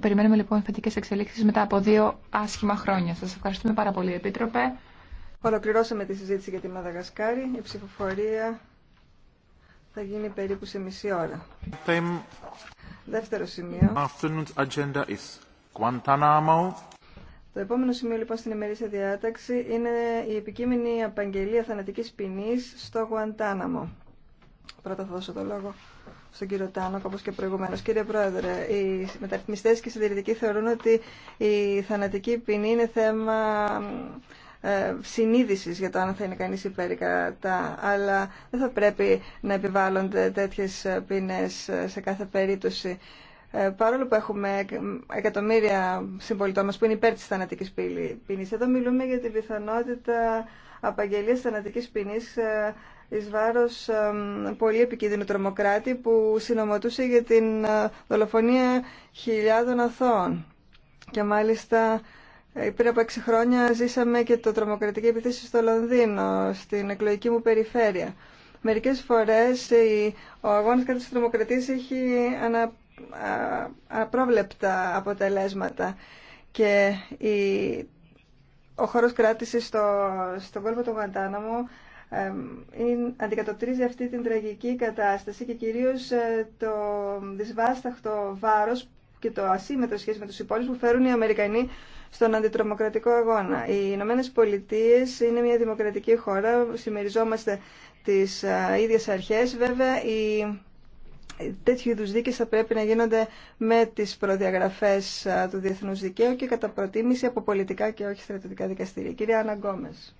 περιμένουμε λοιπόν θετικέ εξελίξεις μετά από δύο άσχημα χρόνια. Σα ευχαριστούμε πάρα πολύ, Επίτροπε. Ολοκληρώσαμε τη συζήτηση για τη Μαδαγασκάρη. Η ψηφοφορία θα γίνει περίπου σε μισή ώρα. Δεύτερο σημείο. Agenda is Guantanamo. Το επόμενο σημείο λοιπόν στην ημερήσια διάταξη είναι η επικείμενη απαγγελία θανατικής ποινής στο Γουαντάναμο. Πρώτα θα δώσω το λόγο στον κύριο Τάνο, όπω και προηγουμένω. Κύριε Πρόεδρε, οι μεταρρυθμιστέ και οι συντηρητικοί θεωρούν ότι η θανατική ποινή είναι θέμα ε, συνείδησης για το αν θα είναι κανείς υπέρ αλλά δεν θα πρέπει να επιβάλλονται τέτοιες ποινές σε κάθε περίπτωση. Ε, παρόλο που έχουμε εκατομμύρια συμπολιτών μας που είναι υπέρ της θανατικής ποινής, εδώ μιλούμε για την πιθανότητα απαγγελίας θανατικής ποινής ε, εις βάρος πολύ επικίνδυνου τρομοκράτη που συνομωτούσε για την ε, δολοφονία χιλιάδων αθώων. Και μάλιστα ε, πριν από έξι χρόνια ζήσαμε και το τρομοκρατική επιθέση στο Λονδίνο, στην εκλογική μου περιφέρεια. Μερικές φορές ο αγώνας κατά της τρομοκρατίας έχει ανα, απρόβλεπτα αποτελέσματα και η, ο χώρος κράτησης στο, στον κόλπο του Γαντάναμου αντικατοπτρίζει αυτή την τραγική κατάσταση και κυρίως ε, το δυσβάσταχτο βάρος και το ασύμετρο σχέση με τους υπόλοιπους που φέρουν οι Αμερικανοί στον αντιτρομοκρατικό αγώνα. Οι Ηνωμένε Πολιτείε είναι μια δημοκρατική χώρα, συμμεριζόμαστε τις ε, ίδιες αρχές. Βέβαια, οι τέτοιου είδου δίκες θα πρέπει να γίνονται με τις προδιαγραφές ε, του διεθνούς δικαίου και κατά προτίμηση από πολιτικά και όχι στρατιωτικά δικαστήρια. Κυρία Αναγκόμες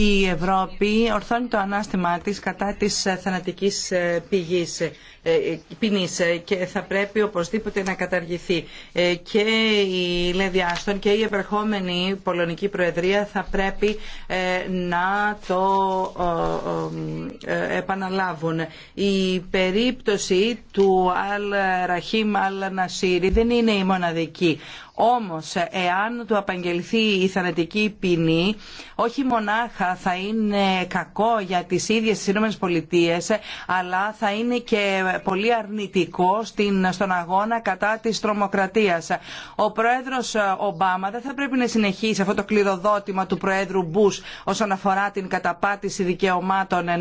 η Ευρώπη ορθώνει το ανάστημά της κατά της ε, θανατικής ε, πηγής, ε, ποινής και θα πρέπει οπωσδήποτε να καταργηθεί. Και η Λέδη και η επερχόμενη Πολωνική Προεδρία θα πρέπει να το επαναλάβουν. Η περίπτωση του Αλ Ραχίμ Αλ Νασίρη δεν είναι η μοναδική. Όμως, εάν του απαγγελθεί η θανατική ποινή, όχι μονάχα θα είναι κακό για τις ίδιες τις Πολιτείες, αλλά θα είναι και πολύ αρνητικό στον αγώνα κατά της τρομοκρατίας. Ο πρόεδρος Ομπάμα δεν θα πρέπει να συνεχίσει αυτό το κληροδότημα του πρόεδρου Μπούς όσον αφορά την καταπάτηση δικαιωμάτων ε,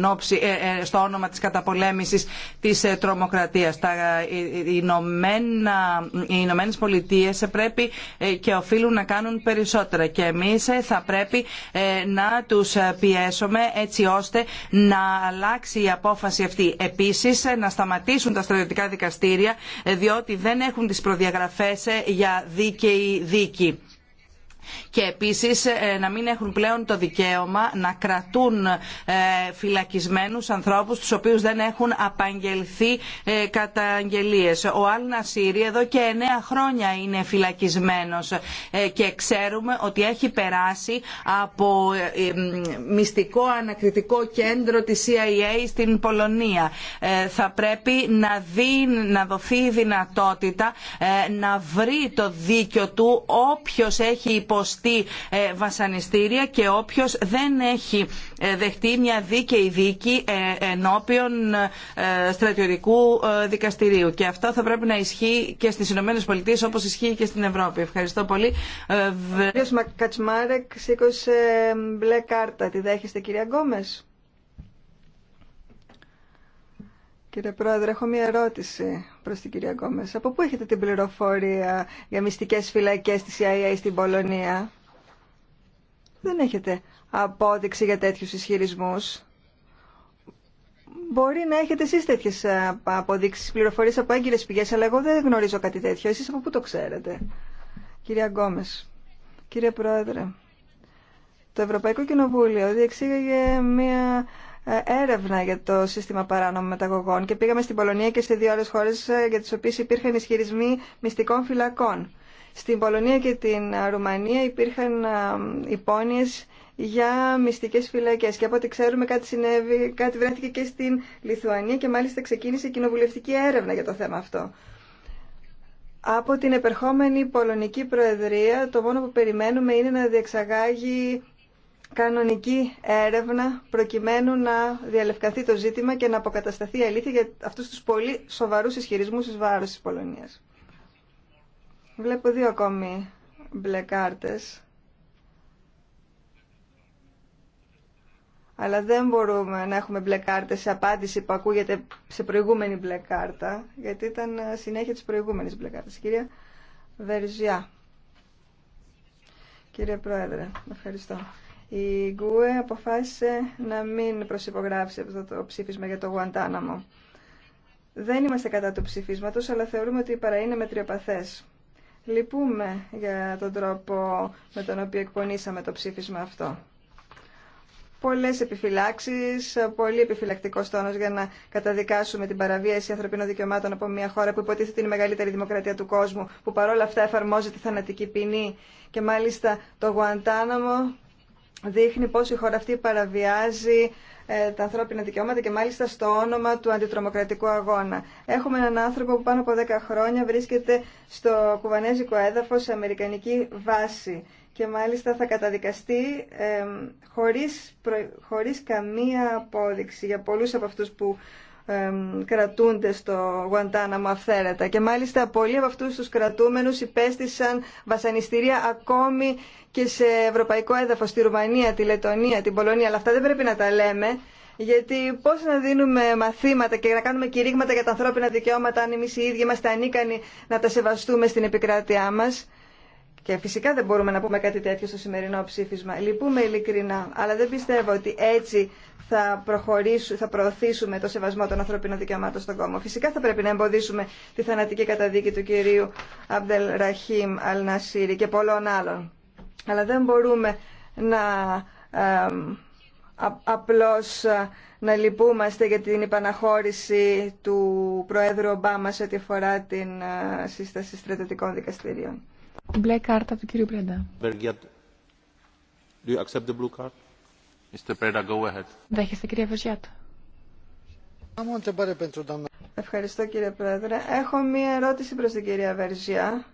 ε, στο όνομα της καταπολέμησης της ε, τρομοκρατίας. Τα οι Ηνωμένες Πολιτείες πρέπει ε, και οφείλουν να κάνουν περισσότερα και εμείς ε, θα πρέπει ε, να τους πιέσουμε έτσι ώστε να αλλάξει η απόφαση αυτή. Επίσης να σταματήσουν τα στρατιωτικά δικαστήρια διότι δεν έχουν τις προδιαγραφές για δίκαιη δίκη και επίσης ε, να μην έχουν πλέον το δικαίωμα να κρατούν ε, φυλακισμένους ανθρώπους τους οποίους δεν έχουν απαγγελθεί ε, καταγγελίε. Ο Αλ Νασίρη εδώ και εννέα χρόνια είναι φυλακισμένος και ξέρουμε ότι έχει περάσει από μυστικό ανακριτικό κέντρο της CIA στην Πολωνία. Θα πρέπει να, δει, να δοθεί η δυνατότητα να βρει το δίκιο του όποιος έχει υποστηρίξει υποστεί βασανιστήρια και όποιος δεν έχει ε, δεχτεί μια δίκαιη δίκη ε, ενώπιον ε, στρατιωτικού δικαστηρίου. Και αυτό θα πρέπει να ισχύει και στις Ηνωμένες Πολιτείες όπως ισχύει και στην Ευρώπη. Ευχαριστώ πολύ. Ο κ. Κατσμάρεκ σήκωσε μπλε κάρτα. Τη δέχεστε κυρία Γκόμες. Κύριε Πρόεδρε, έχω μία ερώτηση προς την κυρία Γκόμες. Από πού έχετε την πληροφορία για μυστικές φυλακές της CIA στην Πολωνία. Δεν έχετε απόδειξη για τέτοιου ισχυρισμού. Μπορεί να έχετε εσεί τέτοιε αποδείξει, πληροφορίε από έγκυρε πηγέ, αλλά εγώ δεν γνωρίζω κάτι τέτοιο. Εσεί από πού το ξέρετε, κυρία Γκόμε. Κύριε Πρόεδρε, το Ευρωπαϊκό Κοινοβούλιο διεξήγαγε μια ε, έρευνα για το σύστημα παράνομων μεταγωγών και πήγαμε στην Πολωνία και σε δύο άλλες χώρες ε, για τις οποίες υπήρχαν ισχυρισμοί μυστικών φυλακών. Στην Πολωνία και την ε, Ρουμανία υπήρχαν υπόνοιες για μυστικές φυλακές και από ό,τι ξέρουμε κάτι συνέβη, κάτι βρέθηκε και στην Λιθουανία και μάλιστα ξεκίνησε κοινοβουλευτική έρευνα για το θέμα αυτό. Από την επερχόμενη Πολωνική Προεδρία το μόνο που περιμένουμε είναι να διεξαγάγει κανονική έρευνα προκειμένου να διαλευκανθεί το ζήτημα και να αποκατασταθεί η αλήθεια για αυτούς τους πολύ σοβαρούς ισχυρισμούς της βάρος της Πολωνίας. Βλέπω δύο ακόμη μπλε Αλλά δεν μπορούμε να έχουμε μπλε κάρτε σε απάντηση που ακούγεται σε προηγούμενη μπλε κάρτα, γιατί ήταν συνέχεια της προηγούμενη μπλε Κυρία Βερζιά. Κύριε Πρόεδρε, ευχαριστώ. Η Γκουέ αποφάσισε να μην προσυπογράψει αυτό το ψήφισμα για το Γουαντάναμο. Δεν είμαστε κατά του ψηφίσματος, αλλά θεωρούμε ότι παρά είναι μετριοπαθές. Λυπούμε για τον τρόπο με τον οποίο εκπονήσαμε το ψήφισμα αυτό. Πολλές επιφυλάξεις, πολύ επιφυλακτικός τόνος για να καταδικάσουμε την παραβίαση ανθρωπίνων δικαιωμάτων από μια χώρα που υποτίθεται είναι η μεγαλύτερη δημοκρατία του κόσμου, που παρόλα αυτά εφαρμόζεται θανατική ποινή και μάλιστα το Γουαντάναμο δείχνει πώς η χώρα αυτή παραβιάζει ε, τα ανθρώπινα δικαιώματα και μάλιστα στο όνομα του αντιτρομοκρατικού αγώνα. Έχουμε έναν άνθρωπο που πάνω από 10 χρόνια βρίσκεται στο κουβανέζικο έδαφος σε αμερικανική βάση και μάλιστα θα καταδικαστεί ε, χωρίς, χωρίς καμία απόδειξη για πολλούς από αυτούς που κρατούνται στο Γουαντάναμο αυθαίρετα και μάλιστα πολλοί από αυτούς τους κρατούμενους υπέστησαν βασανιστήρια ακόμη και σε ευρωπαϊκό έδαφος, στη Ρουμανία, τη Λετωνία, την Πολωνία, αλλά αυτά δεν πρέπει να τα λέμε γιατί πώ να δίνουμε μαθήματα και να κάνουμε κηρύγματα για τα ανθρώπινα δικαιώματα αν εμεί οι ίδιοι είμαστε ανίκανοι να τα σεβαστούμε στην επικράτειά μα. Και φυσικά δεν μπορούμε να πούμε κάτι τέτοιο στο σημερινό ψήφισμα. Λυπούμε ειλικρινά, αλλά δεν πιστεύω ότι έτσι θα, θα προωθήσουμε το σεβασμό των ανθρωπίνων δικαιωμάτων στον κόμμα. Φυσικά θα πρέπει να εμποδίσουμε τη θανατική καταδίκη του κυρίου Αμπτελ Ραχίμ Αλνασίρη και πολλών άλλων. Αλλά δεν μπορούμε να ε, απλώς να λυπούμαστε για την υπαναχώρηση του Προέδρου Ομπάμα σε ό,τι αφορά την ε, σύσταση στρατιωτικών δικαστηρίων. Μπλε κάρτα του κύριου Πρέντα. Do you accept the blue card? Mr. Preda, go ahead. Δέχεστε κύριε Βεζιάτο. Ευχαριστώ κύριε Πρόεδρε. Έχω μία ερώτηση προς την κυρία Βεργιά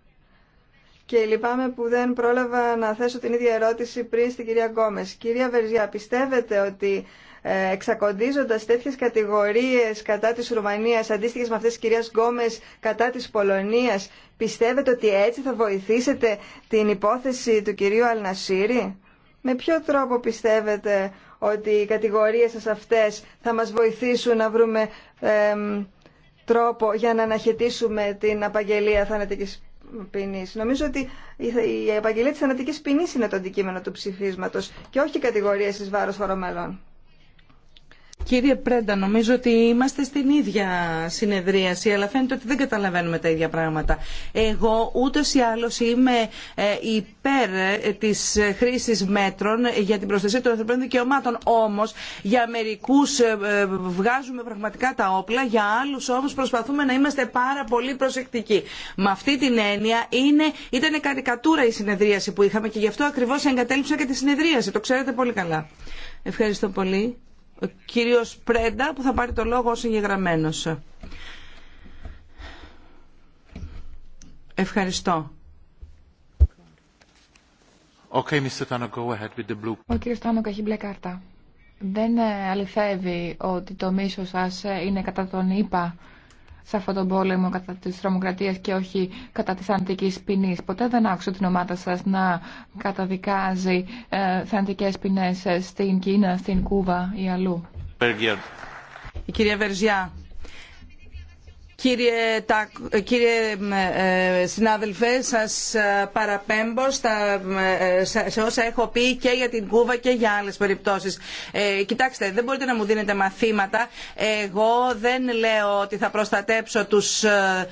και λυπάμαι που δεν πρόλαβα να θέσω την ίδια ερώτηση πριν στην κυρία Γκόμες. Κυρία Βερζιά, πιστεύετε ότι ε, εξακοντίζοντα τέτοιε κατηγορίε κατά τη Ρουμανία αντίστοιχε με αυτέ τη κυρία Γκόμες κατά τη Πολωνία, πιστεύετε ότι έτσι θα βοηθήσετε την υπόθεση του κυρίου Αλνασίρη. Με ποιο τρόπο πιστεύετε ότι οι κατηγορίες σας αυτές θα μας βοηθήσουν να βρούμε τρόπο για να αναχαιτήσουμε την απαγγελία θανατικής ποινή. Νομίζω ότι η επαγγελία τη θανατική ποινή είναι το αντικείμενο του ψηφίσματο και όχι η κατηγορία ει βάρο χωρομελών. Κύριε Πρέντα, νομίζω ότι είμαστε στην ίδια συνεδρίαση, αλλά φαίνεται ότι δεν καταλαβαίνουμε τα ίδια πράγματα. Εγώ ούτε ή άλλως είμαι ε, υπέρ ε, της χρήσης μέτρων για την προστασία των ανθρωπίνων δικαιωμάτων. Όμως, για μερικούς ε, βγάζουμε πραγματικά τα όπλα, για άλλους όμως προσπαθούμε να είμαστε πάρα πολύ προσεκτικοί. Με αυτή την έννοια είναι, ήταν καρικατούρα η συνεδρίαση που είχαμε και γι' αυτό ακριβώς εγκατέλειψα και τη συνεδρίαση. Το ξέρετε πολύ καλά. Ευχαριστώ πολύ ο κύριος Πρέντα που θα πάρει το λόγο ως εγγεγραμμένος. Ευχαριστώ. Okay, Mr. Tano, go ahead with the blue. Ο κύριος Τάνοκ έχει μπλε κάρτα. Δεν ε, αληθεύει ότι το μίσο σας ε, είναι κατά τον ΙΠΑ σε αυτόν τον πόλεμο κατά τη τρομοκρατία και όχι κατά τη θανατική ποινή. Ποτέ δεν άκουσα την ομάδα σας να καταδικάζει ε, θαντικές ε, στην Κίνα, στην Κούβα ή αλλού. Η κυρία κυρια Κύριε, ε, συνάδελφε, σας ε, παραπέμπω ε, σε όσα έχω πει και για την Κούβα και για άλλες περιπτώσεις. κοιτάξτε, δεν μπορείτε να μου δίνετε μαθήματα. Εγώ δεν λέω ότι θα προστατέψω τους ε,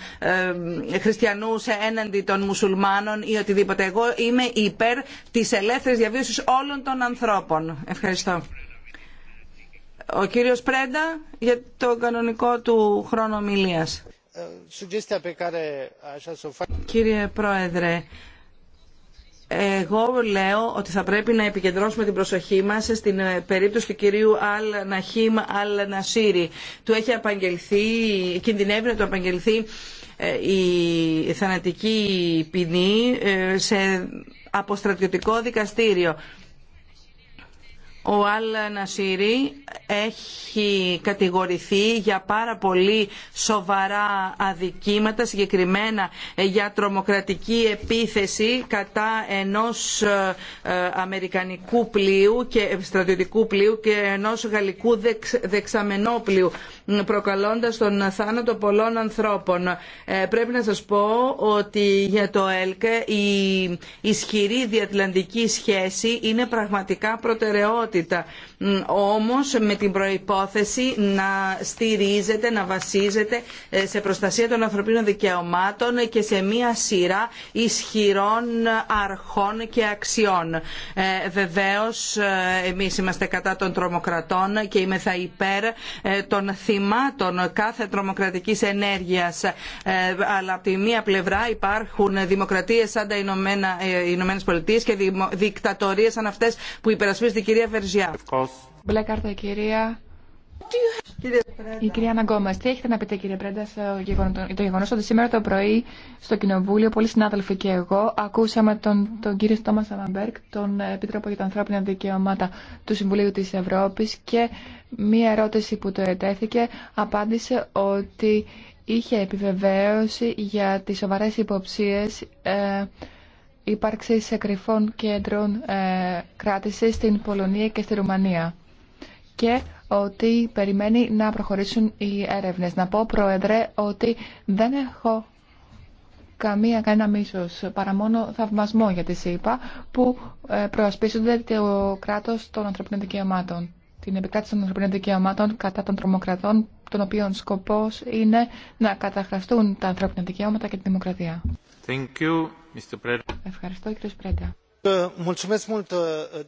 ε, χριστιανούς έναντι των μουσουλμάνων ή οτιδήποτε. Εγώ είμαι υπέρ της ελεύθερης διαβίωσης όλων των ανθρώπων. Ευχαριστώ. Ο κύριος Πρέντα για το κανονικό του χρόνο ομιλίας. Κύριε Πρόεδρε, εγώ λέω ότι θα πρέπει να επικεντρώσουμε την προσοχή μας στην ε, περίπτωση του κυρίου Αλ Ναχίμ Αλ Νασίρη. Του έχει απαγγελθεί, κινδυνεύει να του απαγγελθεί ε, η θανατική ποινή ε, σε αποστρατιωτικό δικαστήριο. Ο Αλ Νασίρι έχει κατηγορηθεί για πάρα πολύ σοβαρά αδικήματα, συγκεκριμένα για τρομοκρατική επίθεση κατά ενός ε, ε, αμερικανικού πλοίου και ε, στρατιωτικού πλοίου και ενός γαλλικού δεξαμενόπλου, προκαλώντας τον θάνατο πολλών ανθρώπων. Πρέπει να σας πω ότι για το ΕΛΚΕ η ισχυρή διατλαντική σχέση είναι πραγματικά προτεραιότητα όμως με την προϋπόθεση να στηρίζεται, να βασίζεται ε, σε προστασία των ανθρωπίνων δικαιωμάτων και σε μία σειρά ισχυρών αρχών και αξιών. Ε, βεβαίως ε, εμείς είμαστε κατά των τρομοκρατών και είμαι θα υπέρ ε, των θυμάτων κάθε τρομοκρατικής ενέργειας αλλά από τη μία πλευρά υπάρχουν δημοκρατίες σαν τα Ηνωμένα, ε, και δικτατορίες σαν αυτές που υπερασπίζεται η κυρία Μπλε κάρτα, κυρία. Η κυρία Αναγκόμα, τι έχετε να πείτε κύριε Πρέντα το γεγονό ότι σήμερα το πρωί στο Κοινοβούλιο, πολλοί συνάδελφοι και εγώ, ακούσαμε τον, τον κύριο Τόμα Αμαμπέρκ, τον ε, Επίτροπο για τα Ανθρώπινα Δικαιώματα του Συμβουλίου τη Ευρώπη και μία ερώτηση που το ετέθηκε απάντησε ότι είχε επιβεβαίωση για τι σοβαρέ υποψίε ε, σε κρυφών κέντρων ε, κράτηση στην Πολωνία και στη Ρουμανία και ότι περιμένει να προχωρήσουν οι έρευνες. Να πω, Πρόεδρε, ότι δεν έχω καμία, κανένα μίσος, παρά μόνο θαυμασμό για τη ΣΥΠΑ, που ε, προασπίζονται το κράτος των ανθρωπίνων δικαιωμάτων, την επικράτηση των ανθρωπίνων δικαιωμάτων κατά των τρομοκρατών των οποίων σκοπός είναι να καταχραστούν τα ανθρώπινα δικαιώματα και τη δημοκρατία. Ευχαριστώ, κύριε Σπρέντα. Ε,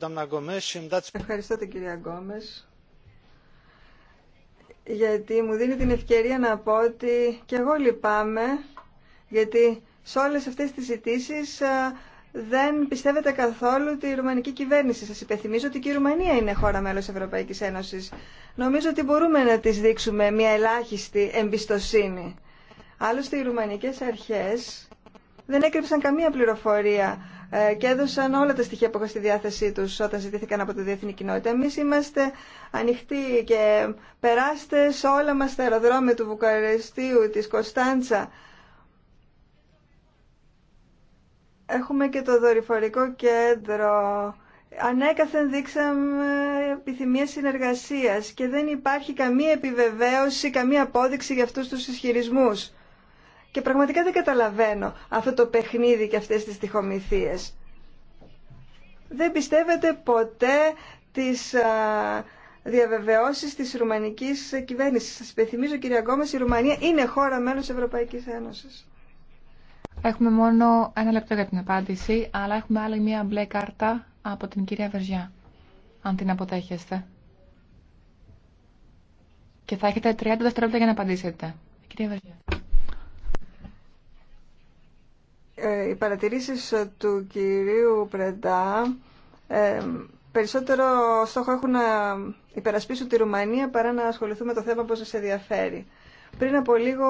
ε, Ευχαριστώ την κυρία Γκόμες γιατί μου δίνει την ευκαιρία να πω ότι και εγώ λυπάμαι γιατί σε όλες αυτές τις ζητήσεις ε, δεν πιστεύετε καθόλου τη ρουμανική κυβέρνηση. σα υπενθυμίζω ότι και η Ρουμανία είναι χώρα μέλος Ευρωπαϊκή Ένωση. Νομίζω ότι μπορούμε να τη δείξουμε μια ελάχιστη εμπιστοσύνη. Άλλωστε οι Ρουμανικέ αρχέ δεν έκρυψαν καμία πληροφορία ε, και έδωσαν όλα τα στοιχεία που είχαν στη διάθεσή του όταν ζητήθηκαν από τη διεθνή κοινότητα. Εμεί είμαστε ανοιχτοί και περάστε σε όλα μα τα αεροδρόμια του Βουκαρεστίου, τη Κωνσταντσα, Έχουμε και το δορυφορικό κέντρο. Ανέκαθεν δείξαμε επιθυμία συνεργασίας και δεν υπάρχει καμία επιβεβαίωση, καμία απόδειξη για αυτούς τους ισχυρισμούς. Και πραγματικά δεν καταλαβαίνω αυτό το παιχνίδι και αυτές τις τυχομηθίες. Δεν πιστεύετε ποτέ τις διαβεβαιώσεις της ρουμανικής κυβέρνησης. Σας υπενθυμίζω κυρία Γκόμες, η Ρουμανία είναι χώρα μέλος Ευρωπαϊκής Ένωσης. Έχουμε μόνο ένα λεπτό για την απάντηση, αλλά έχουμε άλλη μία μπλε κάρτα από την κυρία Βεργιά αν την αποτέχεστε. Και θα έχετε 30 δευτερόλεπτα για να απαντήσετε. Κυρία Βεργιά. Ε, οι παρατηρήσεις του κυρίου Πρεντά ε, περισσότερο στόχο έχουν να υπερασπίσουν τη Ρουμανία παρά να ασχοληθούν με το θέμα που σας ενδιαφέρει. Πριν από λίγο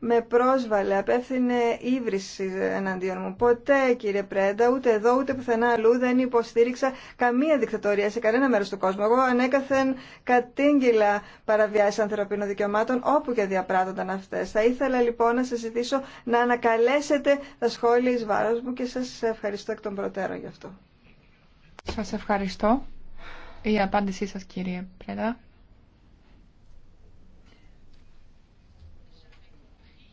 με πρόσβαλε, απέφθινε ύβριση εναντίον μου. Ποτέ, κύριε Πρέντα, ούτε εδώ ούτε πουθενά αλλού δεν υποστήριξα καμία δικτατορία σε κανένα μέρο του κόσμου. Εγώ ανέκαθεν κατήγγυλα παραβιάσει ανθρωπίνων δικαιωμάτων όπου και διαπράττονταν αυτέ. Θα ήθελα λοιπόν να σα ζητήσω να ανακαλέσετε τα σχόλια ει βάρο μου και σα ευχαριστώ εκ των προτέρων γι' αυτό. Σα ευχαριστώ. Η απάντησή σα, κύριε Πρέντα.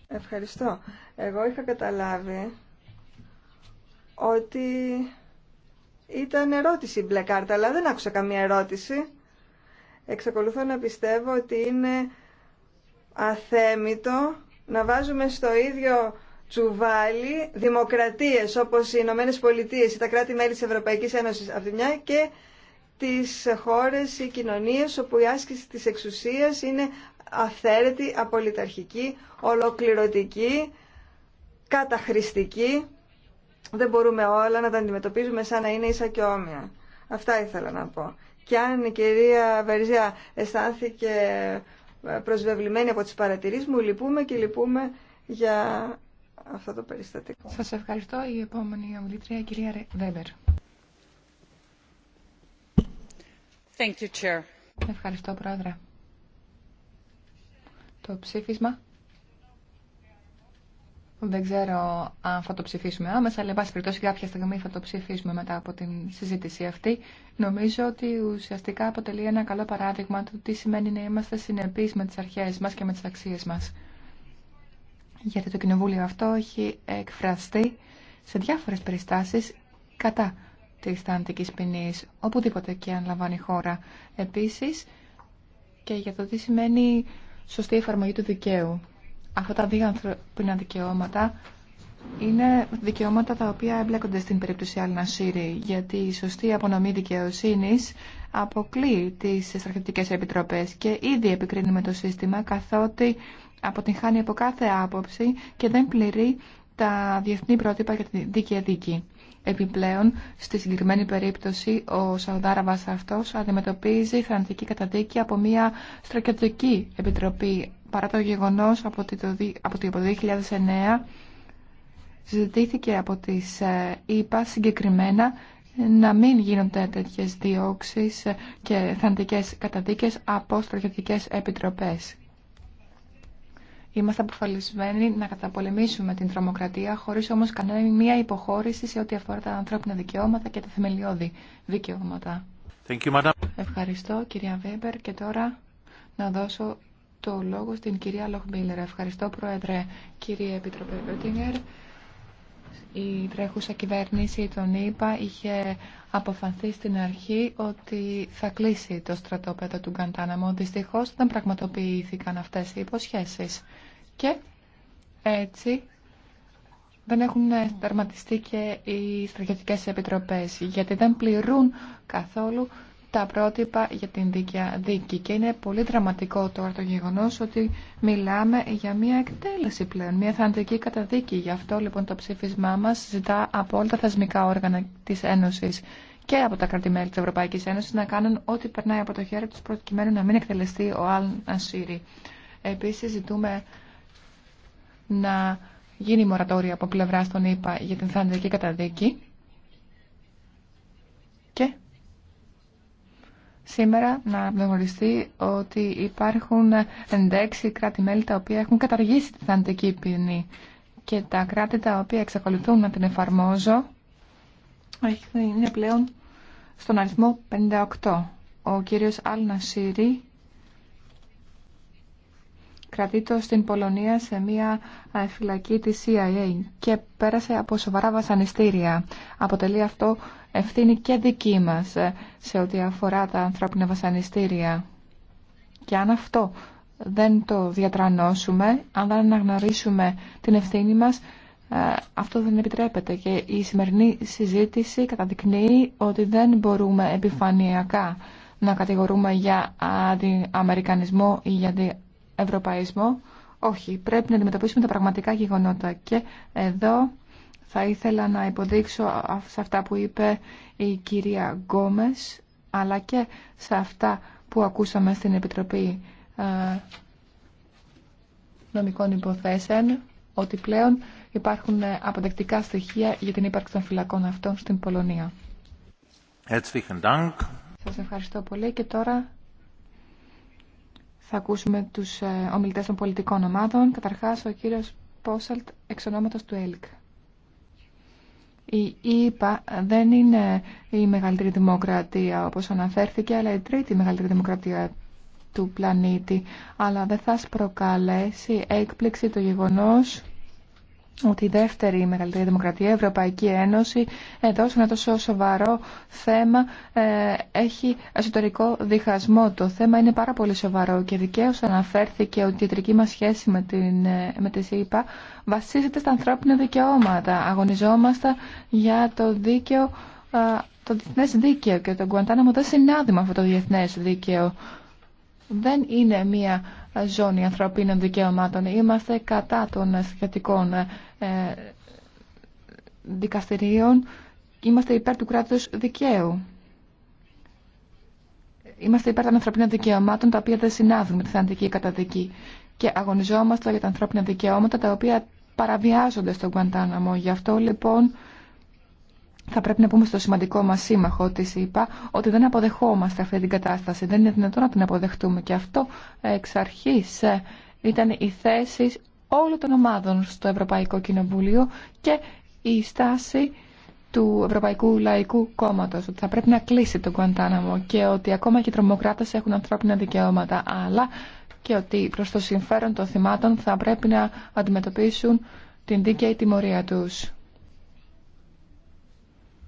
Ευχαριστώ. Εγώ είχα καταλάβει ότι ήταν ερώτηση η μπλε κάρτα, αλλά δεν άκουσα καμία ερώτηση. Εξακολουθώ να πιστεύω ότι είναι αθέμητο να βάζουμε στο ίδιο τσουβάλι δημοκρατίες όπως οι Ηνωμένε Πολιτείες ή τα κράτη-μέλη της Ευρωπαϊκής Ένωσης από τη μια και τις χώρες ή κοινωνίες όπου η άσκηση της εξουσίας είναι αυθαίρετη, απολυταρχική, ολοκληρωτική, καταχρηστική. Δεν μπορούμε όλα να τα αντιμετωπίζουμε σαν να είναι ίσα και όμοια. Αυτά ήθελα να πω. Και αν η κυρία Βερζία αισθάνθηκε ε, προσβεβλημένη από τις παρατηρήσεις μου, λυπούμε και λυπούμε για αυτό το περιστατικό. Σας ευχαριστώ. Η επόμενη ομιλήτρια, η κυρία Βέμπερ. Ευχαριστώ, Πρόεδρε το ψήφισμα. Δεν ξέρω αν θα το ψηφίσουμε άμεσα, αλλά εν περιπτώσει κάποια στιγμή θα το ψηφίσουμε μετά από την συζήτηση αυτή. Νομίζω ότι ουσιαστικά αποτελεί ένα καλό παράδειγμα του τι σημαίνει να είμαστε συνεπείς με τις αρχές μας και με τις αξίες μας. Γιατί το Κοινοβούλιο αυτό έχει εκφραστεί σε διάφορες περιστάσεις κατά της θαντικής ποινής, οπουδήποτε και αν λαμβάνει χώρα. Επίσης, και για το τι σημαίνει σωστή εφαρμογή του δικαίου. Αυτά τα δύο ανθρωπίνα δικαιώματα είναι δικαιώματα τα οποία εμπλέκονται στην περίπτωση Άλνα Σύρη, γιατί η σωστή απονομή δικαιοσύνη αποκλεί τι στρατιωτικέ επιτροπέ και ήδη επικρίνουμε το σύστημα, καθότι αποτυγχάνει από κάθε άποψη και δεν πληρεί τα διεθνή πρότυπα για τη δίκαια δίκη. Επιπλέον, στη συγκεκριμένη περίπτωση, ο Σαουδάραβας αυτός αντιμετωπίζει θανατική καταδίκη από μια στρατιωτική επιτροπή, παρά το γεγονό από το 2009 ζητήθηκε από τις ε, ΗΠΑ συγκεκριμένα να μην γίνονται τέτοιες διώξεις και θαντικές καταδίκες από στρατιωτικές επιτροπές. Είμαστε αποφασισμένοι να καταπολεμήσουμε την τρομοκρατία χωρί όμω κανένα μία υποχώρηση σε ό,τι αφορά τα ανθρώπινα δικαιώματα και τα θεμελιώδη δικαιώματα. you, Ευχαριστώ κυρία Βέμπερ και τώρα να δώσω το λόγο στην κυρία Λοχμπίλερ. Ευχαριστώ Πρόεδρε κύριε Επιτροπέ Βερτίνγκερ. Η τρέχουσα κυβέρνηση τον είπα, είχε αποφανθεί στην αρχή ότι θα κλείσει το στρατόπεδο του Γκαντάναμο. Δυστυχώς δεν πραγματοποιήθηκαν αυτές οι υποσχέσεις και έτσι δεν έχουν δερματιστεί και οι στρατιωτικές επιτροπές γιατί δεν πληρούν καθόλου τα πρότυπα για την δίκαια δίκη και είναι πολύ δραματικό τώρα το γεγονός ότι μιλάμε για μια εκτέλεση πλέον, μια θαντική καταδίκη. Γι' αυτό λοιπόν το ψήφισμά μας ζητά από όλα τα θεσμικά όργανα της Ένωσης και από τα κρατημέλη της Ευρωπαϊκής Ένωσης να κάνουν ό,τι περνάει από το χέρι τους προκειμένου να μην εκτελεστεί ο Αλ Ασύρη. Επίσης ζητούμε να γίνει μορατόρια από πλευρά των ΗΠΑ για την θανατική καταδίκη. Και σήμερα να γνωριστεί ότι υπάρχουν 16 κράτη-μέλη τα οποία έχουν καταργήσει τη θανατική ποινή και τα κράτη τα οποία εξακολουθούν να την εφαρμόζω είναι πλέον στον αριθμό 58. Ο κύριος Άλνα Σύρη κρατήτο στην Πολωνία σε μια φυλακή της CIA και πέρασε από σοβαρά βασανιστήρια. Αποτελεί αυτό ευθύνη και δική μας ε, σε ό,τι αφορά τα ανθρώπινα βασανιστήρια. Και αν αυτό δεν το διατρανώσουμε, αν δεν αναγνωρίσουμε την ευθύνη μας, ε, αυτό δεν επιτρέπεται και η σημερινή συζήτηση καταδεικνύει ότι δεν μπορούμε επιφανειακά να κατηγορούμε για αντιαμερικανισμό ή για ευρωπαϊσμό. Όχι, πρέπει να αντιμετωπίσουμε τα πραγματικά γεγονότα. Και εδώ θα ήθελα να υποδείξω σε αυτά που είπε η κυρία Γκόμες, αλλά και σε αυτά που ακούσαμε στην Επιτροπή ε, Νομικών Υποθέσεων, ότι πλέον υπάρχουν αποδεκτικά στοιχεία για την ύπαρξη των φυλακών αυτών στην Πολωνία. Σας ευχαριστώ πολύ και τώρα θα ακούσουμε τους ε, ομιλητές των πολιτικών ομάδων. Καταρχάς, ο κύριος Πόσαλτ, εξ του ΕΛΚ. Η ΕΠΑ δεν είναι η μεγαλύτερη δημοκρατία, όπως αναφέρθηκε, αλλά η τρίτη μεγαλύτερη δημοκρατία του πλανήτη. Αλλά δεν θα προκαλέσει έκπληξη το γεγονός ότι η δεύτερη μεγαλύτερη δημοκρατία, η Ευρωπαϊκή Ένωση, εδώ σε ένα τόσο σοβαρό θέμα ε, έχει εσωτερικό διχασμό. Το θέμα είναι πάρα πολύ σοβαρό και δικαίως αναφέρθηκε ότι η ιατρική μας σχέση με, την, ε, με τη ΣΥΠΑ βασίζεται στα ανθρώπινα δικαιώματα. Αγωνιζόμαστε για το δίκαιο, ε, το διεθνές δίκαιο και το Γκουαντάναμο δεν συνάδει με αυτό το διεθνές δίκαιο δεν είναι μια ζώνη ανθρωπίνων δικαιωμάτων. Είμαστε κατά των σχετικών ε, δικαστηρίων. Είμαστε υπέρ του κράτους δικαίου. Είμαστε υπέρ των ανθρωπίνων δικαιωμάτων τα οποία δεν συνάδουν με τη θεαντική καταδική και αγωνιζόμαστε για τα ανθρώπινα δικαιώματα τα οποία παραβιάζονται στον Κουαντάναμο. Γι' αυτό λοιπόν θα πρέπει να πούμε στο σημαντικό μα σύμμαχο ότι είπα, ότι δεν αποδεχόμαστε αυτή την κατάσταση. Δεν είναι δυνατόν να την αποδεχτούμε και αυτό εξ αρχή ε, ήταν η θέση όλων των ομάδων στο Ευρωπαϊκό Κοινοβούλιο και η στάση του Ευρωπαϊκού Λαϊκού Κόμματο ότι θα πρέπει να κλείσει το Κουαντάναμο και ότι ακόμα και οι τρομοκράτε έχουν ανθρώπινα δικαιώματα, αλλά και ότι προ το συμφέρον των θυμάτων θα πρέπει να αντιμετωπίσουν την δίκαιη τιμωρία τους.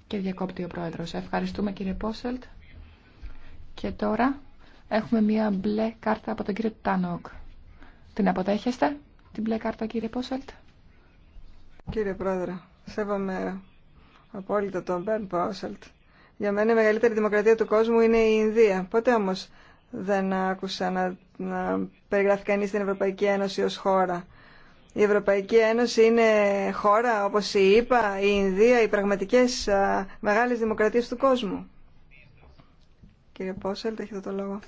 Και διακόπτει ο Πρόεδρος. Ευχαριστούμε κύριε Πόσελτ. Και τώρα έχουμε μία μπλε κάρτα από τον κύριο Τάνοκ. Την αποτέχεστε, την μπλε κάρτα κύριε Πόσελτ. Κύριε Πρόεδρε, σέβομαι απόλυτα τον Μπέρν Πόσελτ. Για μένα η μεγαλύτερη δημοκρατία του κόσμου είναι η Ινδία. Ποτέ όμως δεν άκουσα να, να περιγράφει κανείς την Ευρωπαϊκή Ένωση ως χώρα η Ευρωπαϊκή Ένωση είναι χώρα όπως η ΕΠΑ, η Ινδία, οι πραγματικές μεγάλες δημοκρατίες του κόσμου. Κύριε Πόσελτ, έχετε το λόγο.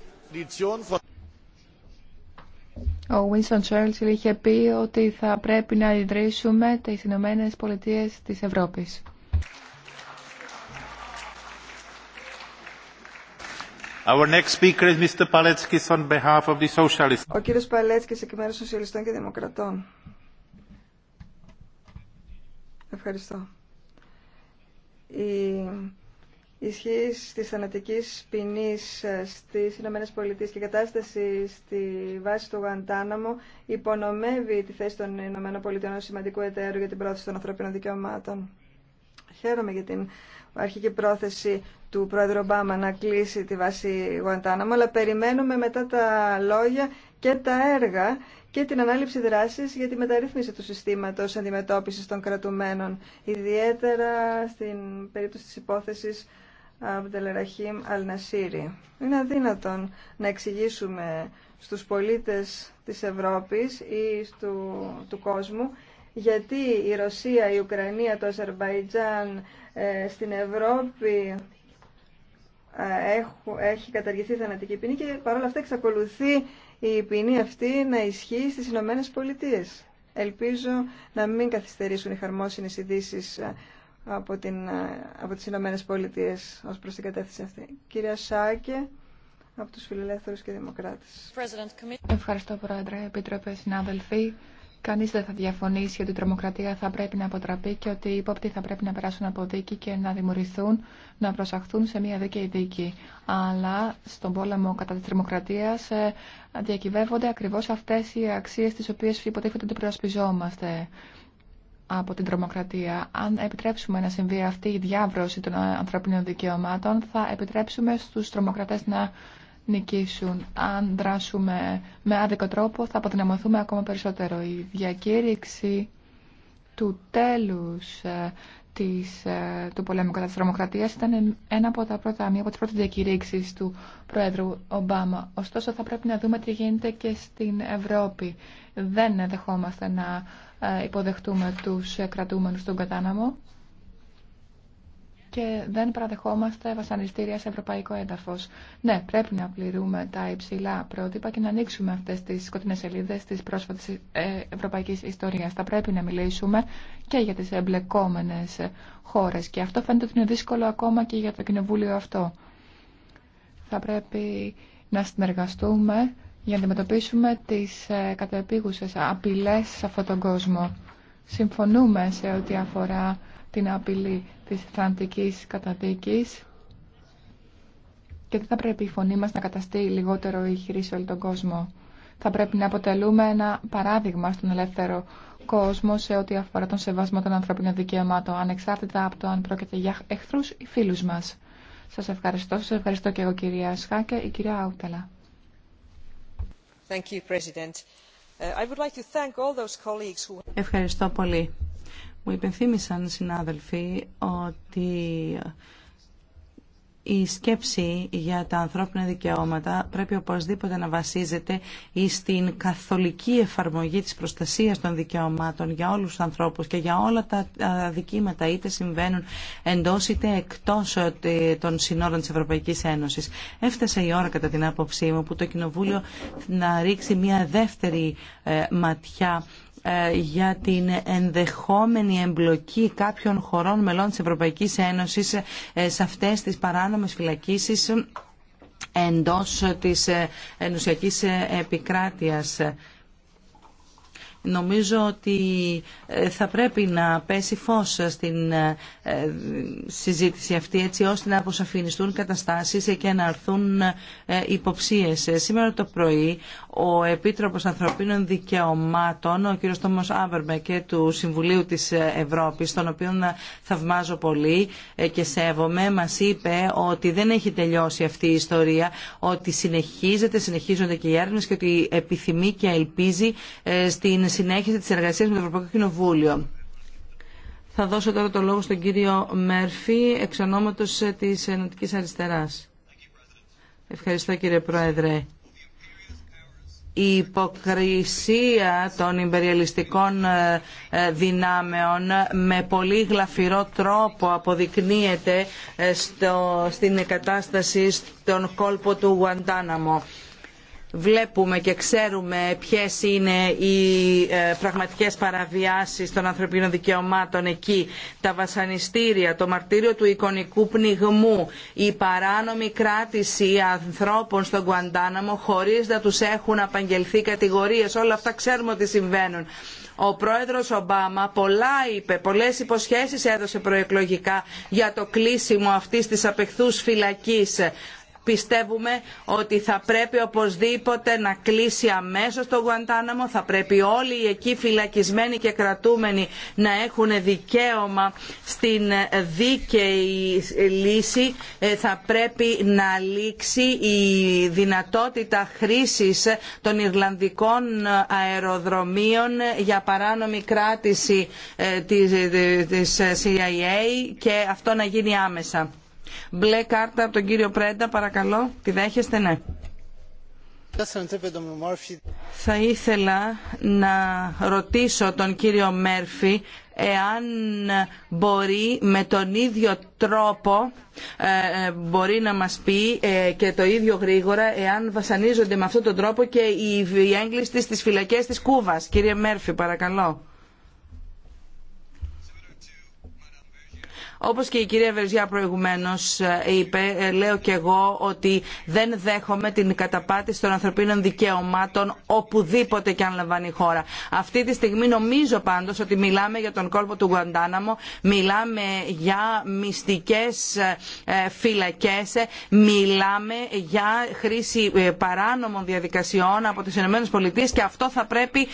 Ο Winston Churchill είχε πει ότι θα πρέπει να ιδρύσουμε τις Ηνωμένε Πολιτείε της Ευρώπης. Ο κύριος Παλέτσκης εκ μέρους των Σοσιαλιστών και Δημοκρατών. Ευχαριστώ. Η ισχύ της θανατικής ποινή ε, στις ΗΠΑ και η κατάσταση στη βάση του Γαντάναμο υπονομεύει τη θέση των ΗΠΑ Πολιτείων ως σημαντικού εταίρου για την πρόθεση των ανθρωπίνων δικαιωμάτων. Χαίρομαι για την αρχική πρόθεση του Πρόεδρου Ομπάμα να κλείσει τη βάση Γουαντάναμο, αλλά περιμένουμε μετά τα λόγια και τα έργα και την ανάληψη δράση για τη μεταρρύθμιση του συστήματο αντιμετώπιση των κρατουμένων, ιδιαίτερα στην περίπτωση της υπόθεσης Αμπτελεραχήμ Αλνασίρη. Είναι αδύνατον να εξηγήσουμε στους πολίτες της Ευρώπης ή του, του κόσμου γιατί η Ρωσία, η Ουκρανία, το Αζερβαϊτζάν ε, στην Ευρώπη ε, έχει καταργηθεί θανατική ποινή και παρόλα αυτά εξακολουθεί η ποινή αυτή να ισχύει στις Ηνωμένε Πολιτείες. Ελπίζω να μην καθυστερήσουν οι χαρμόσυνες ειδήσει ε, από, την, ε, από τις Ηνωμένε Πολιτείε ως προς την κατεύθυνση αυτή. Κυρία Σάκε, από τους Φιλελεύθερους και Δημοκράτες. Ευχαριστώ, Πρόεδρε, Επίτροπε, συνάδελφοι. Κανεί δεν θα διαφωνήσει ότι η τρομοκρατία θα πρέπει να αποτραπεί και ότι οι υπόπτοι θα πρέπει να περάσουν από δίκη και να δημιουργηθούν, να προσαχθούν σε μια δίκαιη δίκη. Αλλά στον πόλεμο κατά τη τρομοκρατίας ε, διακυβεύονται ακριβώ αυτέ οι αξίε τι οποίε υποτίθεται ότι προασπιζόμαστε από την τρομοκρατία. Αν επιτρέψουμε να συμβεί αυτή η διάβρωση των ανθρωπίνων δικαιωμάτων, θα επιτρέψουμε στου τρομοκρατέ να νικήσουν. Αν δράσουμε με άδικο τρόπο θα αποδυναμωθούμε ακόμα περισσότερο. Η διακήρυξη του τέλους ε, της, ε, του πολέμου κατά της τρομοκρατίας ήταν ένα από τα πρώτα, μία από τις πρώτες διακηρύξεις του Πρόεδρου Ομπάμα. Ωστόσο θα πρέπει να δούμε τι γίνεται και στην Ευρώπη. Δεν δεχόμαστε να ε, υποδεχτούμε τους κρατούμενους στον κατάναμο και δεν παραδεχόμαστε βασανιστήρια σε ευρωπαϊκό έδαφο. Ναι, πρέπει να πληρούμε τα υψηλά πρότυπα και να ανοίξουμε αυτέ τι σκοτεινέ σελίδε τη πρόσφατη ε, ευρωπαϊκή ιστορία. Θα πρέπει να μιλήσουμε και για τι εμπλεκόμενε χώρε. Και αυτό φαίνεται ότι είναι δύσκολο ακόμα και για το κοινοβούλιο αυτό. Θα πρέπει να συνεργαστούμε για να αντιμετωπίσουμε τις ε, κατεπίγουσε απειλέ σε αυτόν τον κόσμο. Συμφωνούμε σε ό,τι αφορά την απειλή της θραντικής καταδίκης και δεν θα πρέπει η φωνή μας να καταστεί λιγότερο ηχηρή σε όλο τον κόσμο. Θα πρέπει να αποτελούμε ένα παράδειγμα στον ελεύθερο κόσμο σε ό,τι αφορά τον σεβασμό των ανθρώπινων δικαιωμάτων, ανεξάρτητα από το αν πρόκειται για εχθρούς ή φίλους μας. Σας ευχαριστώ. Σας ευχαριστώ και εγώ κυρία και η κυρία Άουταλα. Ευχαριστώ πολύ. Μου υπενθύμησαν συνάδελφοι ότι η σκέψη για τα ανθρώπινα δικαιώματα πρέπει οπωσδήποτε να βασίζεται στην καθολική εφαρμογή της προστασίας των δικαιωμάτων για όλους τους ανθρώπους και για όλα τα δικήματα είτε συμβαίνουν εντός είτε εκτός των συνόρων της Ευρωπαϊκής Ένωσης. Έφτασε η ώρα κατά την άποψή μου που το Κοινοβούλιο να ρίξει μια δεύτερη ε, ματιά ε, για την ενδεχόμενη εμπλοκή κάποιων χωρών μελών της Ευρωπαϊκής Ένωσης ε, σε αυτές τις παράνομες φυλακίσεις εντός της ε, ενουσιακής επικράτειας. Νομίζω ότι ε, θα πρέπει να πέσει φως στην ε, ε, συζήτηση αυτή έτσι ώστε να αποσαφινιστούν καταστάσεις και να αρθούν υποψίες. Σήμερα το πρωί ο Επίτροπος Ανθρωπίνων Δικαιωμάτων, ο κ. Τόμος Άβερμε και του Συμβουλίου της Ευρώπης, τον οποίο θαυμάζω πολύ και σέβομαι, μας είπε ότι δεν έχει τελειώσει αυτή η ιστορία, ότι συνεχίζεται, συνεχίζονται και οι έρευνες και ότι επιθυμεί και ελπίζει στην συνέχιση της εργασίας με το Ευρωπαϊκό Κοινοβούλιο. Θα δώσω τώρα το λόγο στον κύριο Μέρφη εξ ονόματος ε, της Ενωτικής Αριστεράς. Ευχαριστώ κύριε Πρόεδρε. Η υποκρισία των υπεριαλιστικών ε, ε, δυνάμεων με πολύ γλαφυρό τρόπο αποδεικνύεται στο, στην κατάσταση στον κόλπο του Γουαντάναμο βλέπουμε και ξέρουμε ποιες είναι οι ε, πραγματικές παραβιάσεις των ανθρωπίνων δικαιωμάτων εκεί, τα βασανιστήρια, το μαρτύριο του εικονικού πνιγμού, η παράνομη κράτηση ανθρώπων στον Κουαντάναμο χωρίς να τους έχουν απαγγελθεί κατηγορίες, όλα αυτά ξέρουμε ότι συμβαίνουν. Ο πρόεδρος Ομπάμα πολλά είπε, πολλές υποσχέσεις έδωσε προεκλογικά για το κλείσιμο αυτής της απεχθούς φυλακής πιστεύουμε ότι θα πρέπει οπωσδήποτε να κλείσει αμέσως το Γουαντάναμο, θα πρέπει όλοι οι εκεί φυλακισμένοι και κρατούμενοι να έχουν δικαίωμα στην δίκαιη λύση, ε, θα πρέπει να λήξει η δυνατότητα χρήσης των Ιρλανδικών αεροδρομίων για παράνομη κράτηση ε, της ε, CIA και αυτό να γίνει άμεσα. Μπλε κάρτα από τον κύριο Πρέντα, παρακαλώ. Τη δέχεστε, ναι. Θα ήθελα να ρωτήσω τον κύριο Μέρφη εάν μπορεί με τον ίδιο τρόπο ε, ε, μπορεί να μας πει ε, και το ίδιο γρήγορα εάν βασανίζονται με αυτόν τον τρόπο και οι έγκλειστοι στις φυλακές της Κούβας. Κύριε Μέρφη, παρακαλώ. Όπως και η κυρία Βερζιά προηγουμένως ε, είπε, ε, λέω και εγώ ότι δεν δέχομαι την καταπάτηση των ανθρωπίνων δικαιωμάτων οπουδήποτε και αν λαμβάνει η χώρα. Αυτή τη στιγμή νομίζω πάντως ότι μιλάμε για τον κόλπο του Γκουαντάναμο, μιλάμε για μυστικές ε, φυλακές, μιλάμε για χρήση παράνομων διαδικασιών από τις ΗΠΑ και αυτό θα πρέπει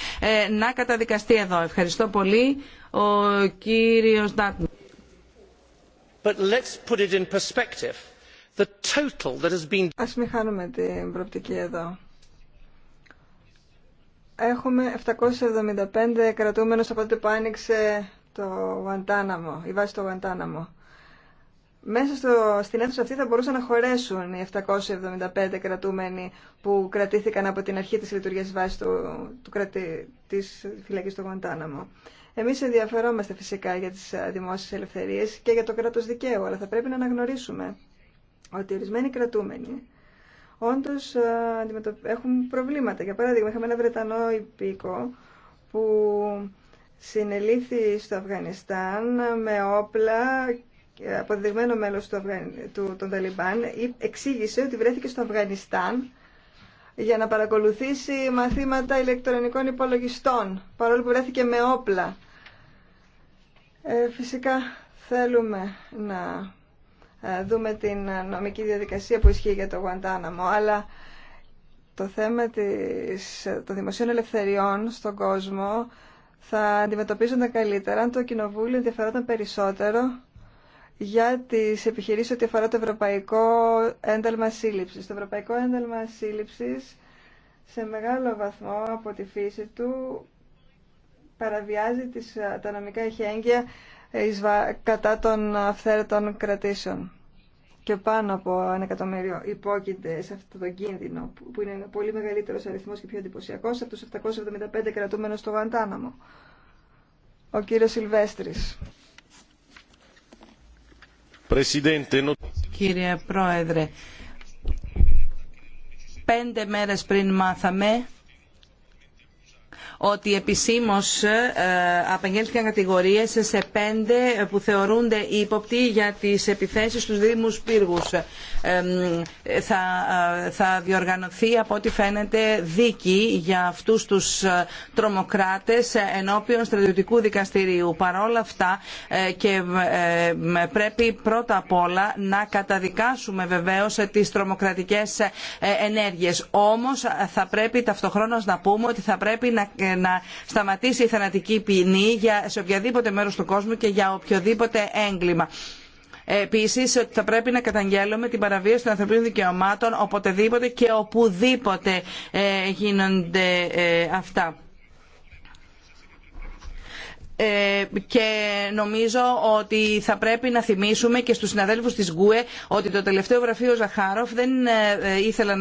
να καταδικαστεί εδώ. Ευχαριστώ πολύ. Ο κύριος but Ας μην χάνουμε την προοπτική εδώ. Έχουμε 775 κρατούμενους από τότε που άνοιξε το Γουαντάναμο, η βάση του Γουαντάναμο. Μέσα στο, στην αίθουσα αυτή θα μπορούσαν να χωρέσουν οι 775 κρατούμενοι που κρατήθηκαν από την αρχή της λειτουργίας βάσης του, του, κρατη, της φυλακής του Γουαντάναμο. Εμεί ενδιαφερόμαστε φυσικά για τι ε, δημόσιε ελευθερίε και για το κράτος δικαίου, αλλά θα πρέπει να αναγνωρίσουμε ότι ορισμένοι κρατούμενοι όντως ε, έχουν προβλήματα. Για παράδειγμα, είχαμε ένα Βρετανό υπήκο που συνελήφθη στο Αφγανιστάν με όπλα ε, αποδεδειγμένο μέλος του, του, των Ταλιμπάν εξήγησε ότι βρέθηκε στο Αφγανιστάν για να παρακολουθήσει μαθήματα ηλεκτρονικών υπολογιστών παρόλο που βρέθηκε με όπλα ε, φυσικά θέλουμε να ε, δούμε την ε, νομική διαδικασία που ισχύει για το Γουαντάναμο, αλλά το θέμα της, των δημοσίων ελευθεριών στον κόσμο θα αντιμετωπίζονται καλύτερα αν το Κοινοβούλιο ενδιαφερόταν περισσότερο για τις επιχειρήσεις ότι αφορά το Ευρωπαϊκό Ένταλμα Σύλληψης. Το Ευρωπαϊκό Ένταλμα Σύλληψης σε μεγάλο βαθμό από τη φύση του παραβιάζει τις, ε, τα νομικά εχέγγυα ε, κατά των αυθαίρετων κρατήσεων. Και πάνω από ένα εκατομμύριο υπόκειται σε αυτόν τον κίνδυνο, που είναι πολύ μεγαλύτερος αριθμός και πιο εντυπωσιακό από τους 775 κρατούμενους στο Βαντάναμο. Ο κύριος Σιλβέστρης. Κύριε Πρόεδρε, πέντε μέρες πριν μάθαμε ότι επισήμως ε, απεγγέλθηκαν κατηγορίες σε πέντε που θεωρούνται ύποπτοι για τις επιθέσεις του Δήμου Πύργου ε, ε, Θα, διοργανωθεί από ό,τι φαίνεται δίκη για αυτούς τους τρομοκράτες ενώπιον στρατιωτικού δικαστηρίου. Παρόλα αυτά και πρέπει πρώτα απ' όλα να καταδικάσουμε βεβαίως τις τρομοκρατικές ενέργειες. Όμω θα πρέπει ταυτοχρόνω να πούμε ότι θα πρέπει να ε, να σταματήσει η θανατική ποινή για, σε οποιαδήποτε μέρος του κόσμου και για οποιοδήποτε έγκλημα. Επίση, ότι θα πρέπει να καταγγέλουμε την παραβίαση των ανθρωπίνων δικαιωμάτων οποτεδήποτε και οπουδήποτε ε, γίνονται ε, αυτά. Ε, και νομίζω ότι θα πρέπει να θυμίσουμε και στους συναδέλφους της ΓΚΟΕ ότι το τελευταίο γραφείο Ζαχάροφ δεν ε, ήθελα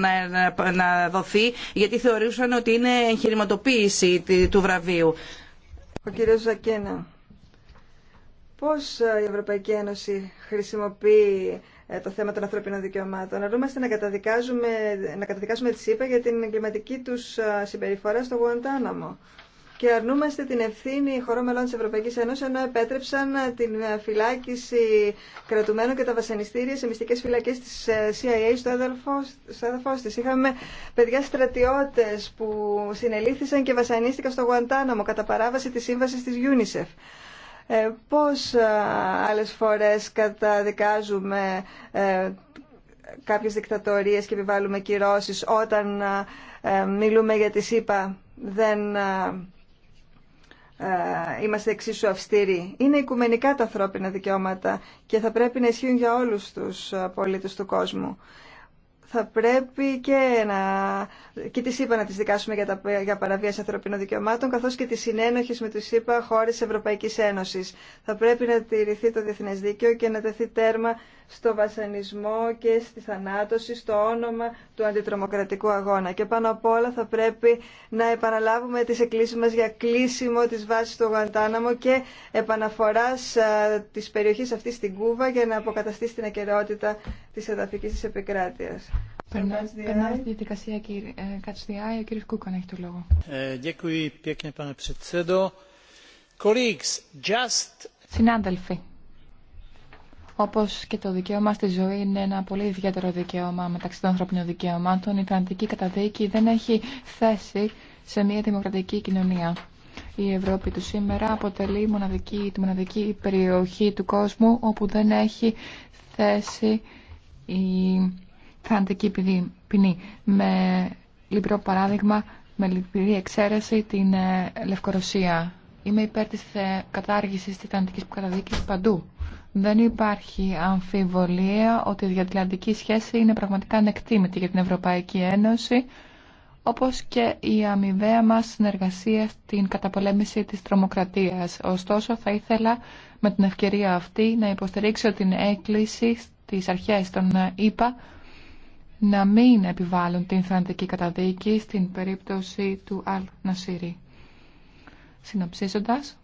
να δοθεί γιατί θεωρούσαν ότι είναι εγχειρηματοποίηση του βραβείου. Ο κύριος Ζακένα, πώς ε, η Ευρωπαϊκή Ένωση χρησιμοποιεί το θέμα των ανθρωπίνων δικαιωμάτων. Αρνούμαστε να καταδικάζουμε, να καταδικάσουμε τη ΣΥΠΑ για την εγκληματική τους συμπεριφορά στο Γουαντάναμο και αρνούμαστε την ευθύνη χωρών μελών τη Ευρωπαϊκή Ένωση ενώ επέτρεψαν την φυλάκιση κρατουμένων και τα βασανιστήρια σε μυστικέ φυλακέ τη ε, CIA στο έδαφο τη. Είχαμε παιδιά στρατιώτε που συνελήφθησαν και βασανίστηκαν στο Γουαντάναμο κατά παράβαση τη σύμβαση τη UNICEF. Ε, πώς ε, άλλες φορές καταδικάζουμε ε, κάποιες δικτατορίες και επιβάλλουμε κυρώσει όταν ε, μιλούμε για τη ΣΥΠΑ δεν ε, ε, είμαστε εξίσου αυστηροί. Είναι οικουμενικά τα ανθρώπινα δικαιώματα και θα πρέπει να ισχύουν για όλους τους ε, πολίτες του κόσμου. Θα πρέπει και, να, και τη είπα να τις δικάσουμε για, τα, για παραβίαση ανθρωπίνων δικαιωμάτων, καθώς και τις συνένοχες με τη ΣΥΠΑ χώρες Ευρωπαϊκής Ένωσης. Θα πρέπει να τηρηθεί το διεθνές δίκαιο και να τεθεί τέρμα στο βασανισμό και στη θανάτωση στο όνομα του αντιτρομοκρατικού αγώνα. Και πάνω απ' όλα θα πρέπει να επαναλάβουμε τις εκκλήσεις μας για κλείσιμο της βάσης του Γουαντάναμο και επαναφοράς ε, της περιοχής αυτής στην Κούβα για να αποκαταστήσει την ακεραιότητα της εδαφικής της επικράτειας. Ε, ε, Συνάδελφοι, όπως και το δικαίωμα στη ζωή είναι ένα πολύ ιδιαίτερο δικαίωμα μεταξύ των ανθρωπινών δικαιωμάτων, η θανατική καταδίκη δεν έχει θέση σε μια δημοκρατική κοινωνία. Η Ευρώπη του σήμερα αποτελεί μοναδική, τη μοναδική περιοχή του κόσμου όπου δεν έχει θέση η θανατική ποινή. Με λυπηρό παράδειγμα, με λυπηρή εξαίρεση την ε, Λευκορωσία. Είμαι υπέρ της κατάργησης της θανατικής καταδίκης παντού. Δεν υπάρχει αμφιβολία ότι η διατλαντική σχέση είναι πραγματικά ανεκτήμητη για την Ευρωπαϊκή Ένωση, όπως και η αμοιβαία μας συνεργασία στην καταπολέμηση της τρομοκρατίας. Ωστόσο, θα ήθελα με την ευκαιρία αυτή να υποστηρίξω την έκκληση στις αρχές των ΗΠΑ να μην επιβάλλουν την θανατική καταδίκη στην περίπτωση του Αλ Νασίρη. Συνοψίζοντας,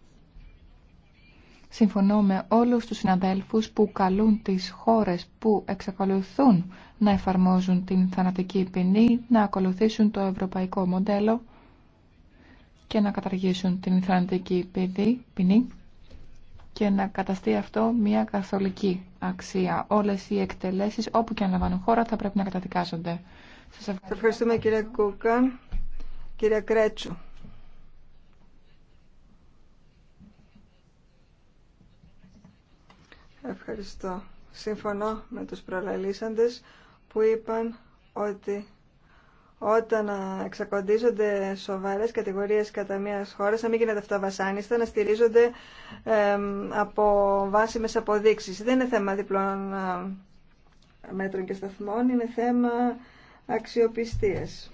Συμφωνώ με όλους τους συναδέλφους που καλούν τις χώρες που εξακολουθούν να εφαρμόζουν την θανατική ποινή να ακολουθήσουν το ευρωπαϊκό μοντέλο και να καταργήσουν την θανατική ποινή και να καταστεί αυτό μια καθολική αξία. Όλες οι εκτελέσεις όπου και αν λαμβάνουν χώρα θα πρέπει να καταδικάζονται. Σας ευχαριστούμε, ευχαριστούμε κύριε Κούκα. Κύριε Κρέτσου. Ευχαριστώ. Συμφωνώ με τους προλαλήσαντες που είπαν ότι όταν εξακοντίζονται σοβαρές κατηγορίες κατά μιας χώρας, να μην γίνεται αυτά βασάνιστα, να στηρίζονται από βάσιμες αποδείξεις. Δεν είναι θέμα διπλών μέτρων και σταθμών, είναι θέμα αξιοπιστίας.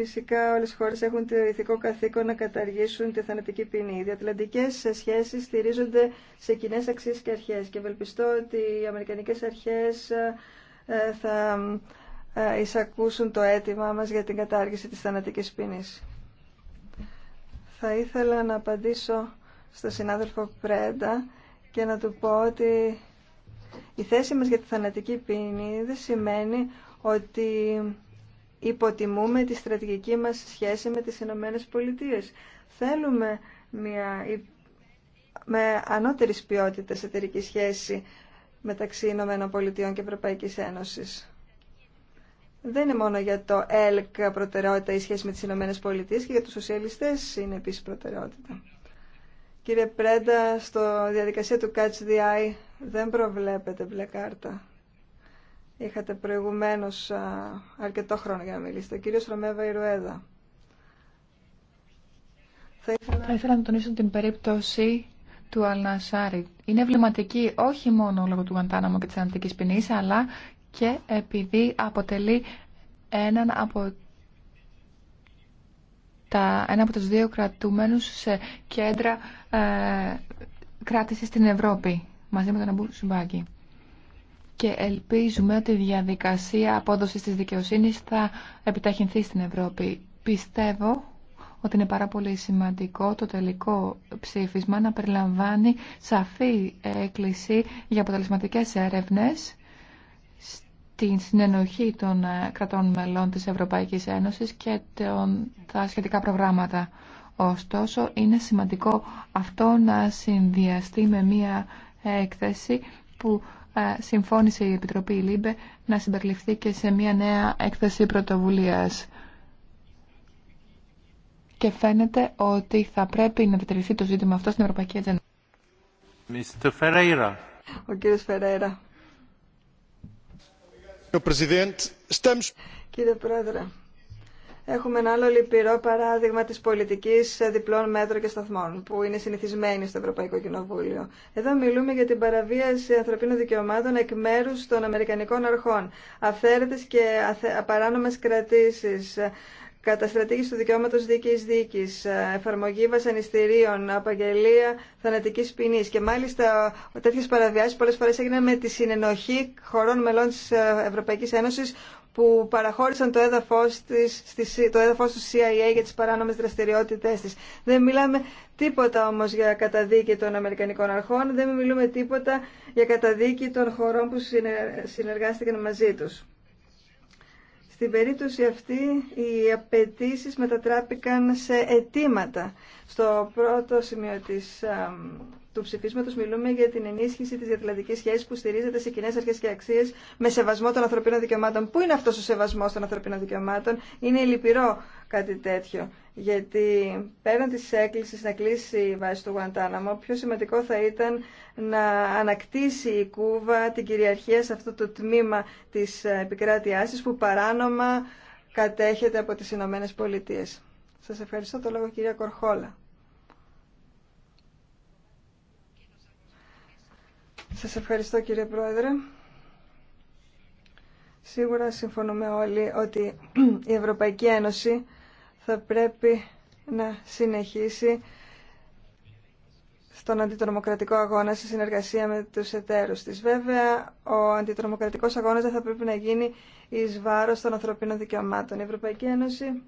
Φυσικά όλες οι χώρες έχουν το ηθικό καθήκον να καταργήσουν τη θανατική ποινή. Οι διατλαντικέ σχέσεις στηρίζονται σε κοινέ αξίε και αρχές και ευελπιστώ ότι οι αμερικανικές αρχές ε, θα ε, εισακούσουν το αίτημά μας για την κατάργηση τη θανατική ποινή. Θα ήθελα να απαντήσω στο συνάδελφο Πρέντα και να του πω ότι η θέση μας για τη θανατική ποινή δεν σημαίνει ότι υποτιμούμε τη στρατηγική μας σχέση με τις Ηνωμένες Πολιτείες. Θέλουμε μια, με ανώτερης ποιότητας εταιρική σχέση μεταξύ Ηνωμένων Πολιτείων και Ευρωπαϊκής Ένωσης. Δεν είναι μόνο για το ΕΛΚ προτεραιότητα η σχέση με τις Ηνωμένες Πολιτείες και για τους σοσιαλιστές είναι επίσης προτεραιότητα. Κύριε Πρέντα, στο διαδικασία του Catch the Eye δεν προβλέπεται μπλε κάρτα. Είχατε προηγουμένως αρκετό χρόνο για να μιλήσετε. κύριος Ρωμέβα Ιρουέδα. Θα ήθελα... Θα ήθελα να τονίσω την περίπτωση του Αλνασάρη. Είναι βληματική όχι μόνο λόγω του Γαντάναμο και της ανατικής ποινής, αλλά και επειδή αποτελεί έναν από τα, ένα από τους δύο κρατούμενους σε κέντρα ε, κράτηση στην Ευρώπη, μαζί με τον Αμπού Σουμπάκη και ελπίζουμε ότι η διαδικασία απόδοσης της δικαιοσύνης θα επιταχυνθεί στην Ευρώπη. Πιστεύω ότι είναι πάρα πολύ σημαντικό το τελικό ψήφισμα να περιλαμβάνει σαφή έκκληση για αποτελεσματικές έρευνες στην συνενοχή των κρατών μελών της Ευρωπαϊκής Ένωσης και των, τα σχετικά προγράμματα. Ωστόσο, είναι σημαντικό αυτό να συνδυαστεί με μία έκθεση που ε, συμφώνησε η Επιτροπή ΛΥΜΠΕ να συμπεριληφθεί και σε μια νέα έκθεση πρωτοβουλίας. Και φαίνεται ότι θα πρέπει να διατηρηθεί το ζήτημα αυτό στην Ευρωπαϊκή Ατζέντα. Ο κύριος Φεραίρα. Κύριε Πρόεδρε, Έχουμε ένα άλλο λυπηρό παράδειγμα της πολιτικής διπλών μέτρων και σταθμών, που είναι συνηθισμένη στο Ευρωπαϊκό Κοινοβούλιο. Εδώ μιλούμε για την παραβίαση ανθρωπίνων δικαιωμάτων εκ μέρου των Αμερικανικών αρχών, αυθαίρετες και απαράνομες κρατήσεις, καταστρατήγηση του δικαιώματος δικής δίκης, εφαρμογή βασανιστήριων, απαγγελία θανατικής ποινής και μάλιστα τέτοιες παραβιάσεις πολλές φορές έγιναν με τη συνενοχή χωρών μελών της Ευρωπαϊκής Ένωσης που παραχώρησαν το έδαφος, της, το έδαφος του CIA για τις παράνομες δραστηριότητές της. Δεν μιλάμε τίποτα όμως για καταδίκη των Αμερικανικών αρχών, δεν μιλούμε τίποτα για καταδίκη των χωρών που συνεργάστηκαν μαζί τους. Στην περίπτωση αυτή οι απαιτήσει μετατράπηκαν σε αιτήματα. Στο πρώτο σημείο της, του ψηφίσματος μιλούμε για την ενίσχυση της διατλαντικής σχέσης που στηρίζεται σε κοινέ αρχές και αξίες με σεβασμό των ανθρωπίνων δικαιωμάτων. Πού είναι αυτός ο σεβασμός των ανθρωπίνων δικαιωμάτων. Είναι λυπηρό κάτι τέτοιο. Γιατί πέραν της έκκλησης να κλείσει η βάση του Γουαντάναμο, πιο σημαντικό θα ήταν να ανακτήσει η Κούβα την κυριαρχία σε αυτό το τμήμα της ε, επικράτειά τη που παράνομα κατέχεται από τις Ηνωμένε Πολιτείε. Σα ευχαριστώ το λόγο κυρία Κορχόλα. Σας ευχαριστώ κύριε Πρόεδρε. Σίγουρα συμφωνούμε όλοι ότι η Ευρωπαϊκή Ένωση θα πρέπει να συνεχίσει στον αντιτρομοκρατικό αγώνα σε συνεργασία με τους εταίρους της. Βέβαια, ο αντιτρομοκρατικός αγώνας δεν θα πρέπει να γίνει εις βάρος των ανθρωπίνων δικαιωμάτων. Η Ευρωπαϊκή Ένωση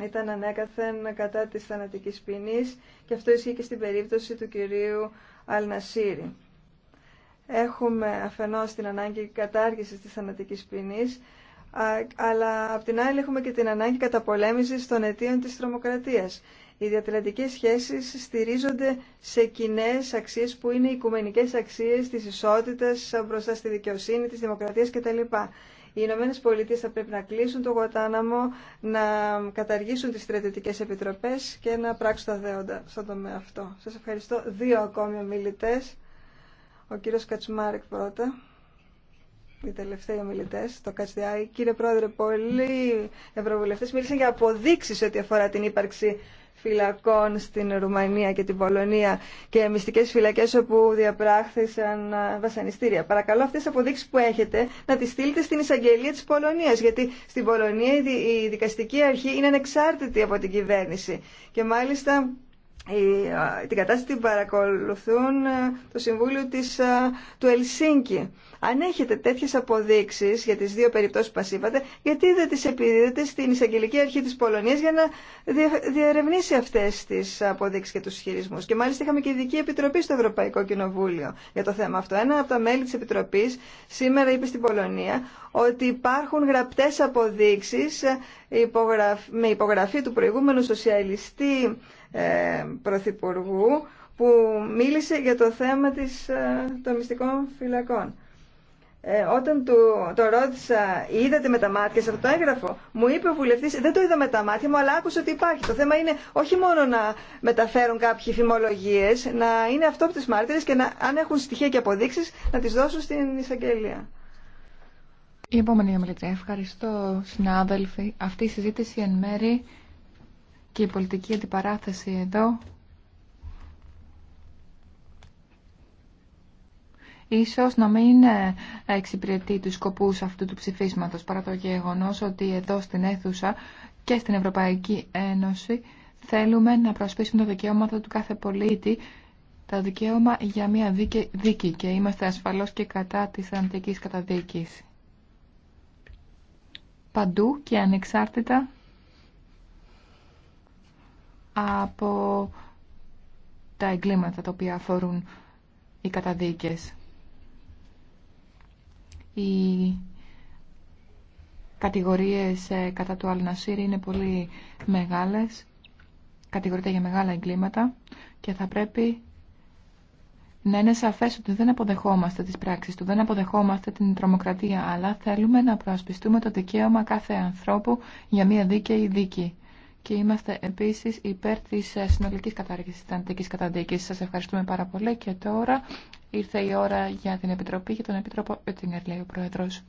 ήταν ανέκαθεν κατά της θανατικής ποινής και αυτό ισχύει και στην περίπτωση του κυρίου Αλνασίρη. Έχουμε αφενός την ανάγκη κατάργησης της θανατικής ποινής αλλά απ' την άλλη έχουμε και την ανάγκη καταπολέμησης των αιτίων της τρομοκρατίας. Οι διατηλαντικές σχέσεις στηρίζονται σε κοινέ αξίες που είναι οι οικουμενικές αξίες της ισότητας μπροστά στη δικαιοσύνη, της δημοκρατίας κτλ. Οι Ηνωμένε Πολιτείε θα πρέπει να κλείσουν το Γουατάναμο, να καταργήσουν τις στρατιωτικές επιτροπές και να πράξουν τα δέοντα στον τομέα αυτό. Σας ευχαριστώ. Δύο ακόμη ομιλητές. Ο κύριος Κατσμάρεκ πρώτα οι τελευταίοι ομιλητέ, το ΚΑΤΣΔΙ. Κύριε Πρόεδρε, πολλοί ευρωβουλευτέ μίλησαν για αποδείξει ό,τι αφορά την ύπαρξη φυλακών στην Ρουμανία και την Πολωνία και μυστικές φυλακές όπου διαπράχθησαν ε, βασανιστήρια. Παρακαλώ αυτές τις αποδείξεις που έχετε να τις στείλετε στην εισαγγελία της Πολωνίας γιατί στην Πολωνία η δικαστική αρχή είναι ανεξάρτητη από την κυβέρνηση και μάλιστα ε, την κατάσταση την παρακολουθούν ε, το Συμβούλιο της, του Ελσίνκη. Αν έχετε τέτοιε αποδείξει για τι δύο περιπτώσει που μα είπατε, γιατί δεν τι επιδίδετε στην εισαγγελική αρχή τη Πολωνία για να διερευνήσει αυτέ τι αποδείξει και του ισχυρισμού. Και μάλιστα είχαμε και ειδική επιτροπή στο Ευρωπαϊκό Κοινοβούλιο για το θέμα αυτό. Ένα από τα μέλη τη Επιτροπή σήμερα είπε στην Πολωνία ότι υπάρχουν γραπτέ αποδείξει ε, με υπογραφή του προηγούμενου σοσιαλιστή ε, πρωθυπουργού που μίλησε για το θέμα της, ε, των μυστικών φυλακών ε, όταν το ρώτησα, είδατε με τα μάτια σε αυτό το έγγραφο, μου είπε ο βουλευτή, δεν το είδα με τα μάτια μου, αλλά άκουσα ότι υπάρχει. Το θέμα είναι όχι μόνο να μεταφέρουν κάποιοι φημολογίε, να είναι αυτό τι μάρτυρε και να, αν έχουν στοιχεία και αποδείξει, να τι δώσουν στην εισαγγελία. Η επόμενη ομιλητρία. Ευχαριστώ, συνάδελφοι. Αυτή η συζήτηση εν μέρη και η πολιτική αντιπαράθεση εδώ ίσως να μην ε, εξυπηρετεί τους σκοπούς αυτού του ψηφίσματος παρά το γεγονός ότι εδώ στην αίθουσα και στην Ευρωπαϊκή Ένωση θέλουμε να προσπίσουμε το δικαίωμα του κάθε πολίτη τα δικαίωμα για μια δίκη και είμαστε ασφαλώς και κατά της αντικής καταδίκης. Παντού και ανεξάρτητα από τα εγκλήματα τα οποία αφορούν οι καταδίκες. Οι κατηγορίες ε, κατά του Αλνασίρη είναι πολύ μεγάλες, κατηγορείται για μεγάλα εγκλήματα και θα πρέπει να είναι σαφές ότι δεν αποδεχόμαστε τις πράξεις του, δεν αποδεχόμαστε την τρομοκρατία, αλλά θέλουμε να προασπιστούμε το δικαίωμα κάθε ανθρώπου για μια δίκαιη δίκη και είμαστε επίσης υπέρ τη συνολική κατάργηση τη αντικής καταδική. Σας ευχαριστούμε πάρα πολύ και τώρα ήρθε η ώρα για την Επιτροπή και τον Επιτρόπο την λέει ο Πρόεδρος.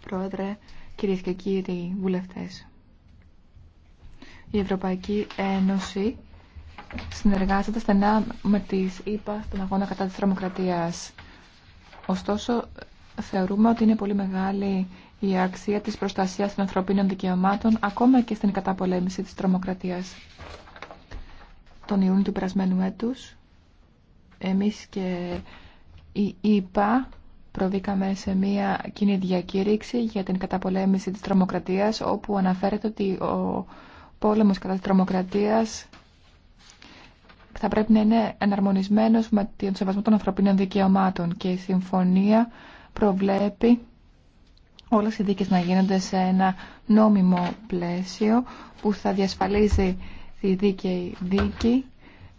Πρόεδρε, κυρίε και κύριοι βουλευτές, η Ευρωπαϊκή Ένωση συνεργάζεται στενά με τις ΗΠΑ στον αγώνα κατά τη τρομοκρατία. Ωστόσο, θεωρούμε ότι είναι πολύ μεγάλη η αξία της προστασίας των ανθρωπίνων δικαιωμάτων ακόμα και στην καταπολέμηση της τρομοκρατίας. Τον Ιούνιο του περασμένου έτους εμείς και η ΕΠΑ προβήκαμε σε μια κοινή διακήρυξη για την καταπολέμηση της τρομοκρατίας όπου αναφέρεται ότι ο πόλεμος κατά της τρομοκρατίας θα πρέπει να είναι εναρμονισμένος με τον σεβασμό των ανθρωπίνων δικαιωμάτων και η συμφωνία προβλέπει όλες οι δίκες να γίνονται σε ένα νόμιμο πλαίσιο που θα διασφαλίζει τη δίκαιη δίκη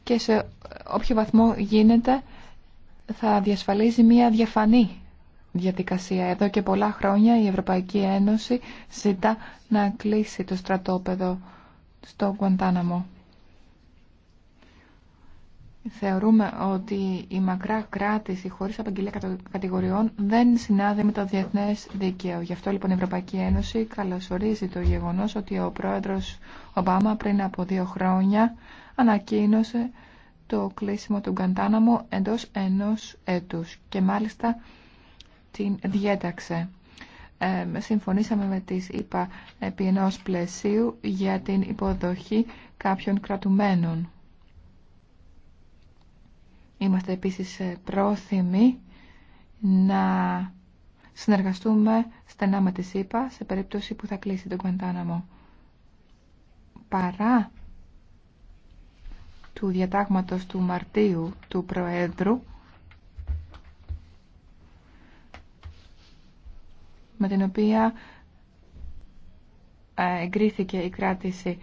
και σε όποιο βαθμό γίνεται θα διασφαλίζει μια διαφανή διαδικασία. Εδώ και πολλά χρόνια η Ευρωπαϊκή Ένωση ζητά να κλείσει το στρατόπεδο στο Γκουαντάναμο. Θεωρούμε ότι η μακρά κράτηση χωρίς απαγγελία κατηγοριών δεν συνάδει με το διεθνές δίκαιο. Γι' αυτό λοιπόν η Ευρωπαϊκή Ένωση καλωσορίζει το γεγονός ότι ο πρόεδρος Ομπάμα πριν από δύο χρόνια ανακοίνωσε το κλείσιμο του Γκαντάναμο εντός ενός έτους και μάλιστα την διέταξε. Ε, συμφωνήσαμε με τις ΗΠΑ επί ενός πλαισίου για την υποδοχή κάποιων κρατουμένων. Είμαστε επίσης ε, πρόθυμοι να συνεργαστούμε στενά με τη ΣΥΠΑ σε περίπτωση που θα κλείσει τον Κουαντάναμο. Παρά του διατάγματος του Μαρτίου του Προέδρου με την οποία ε, εγκρίθηκε η κράτηση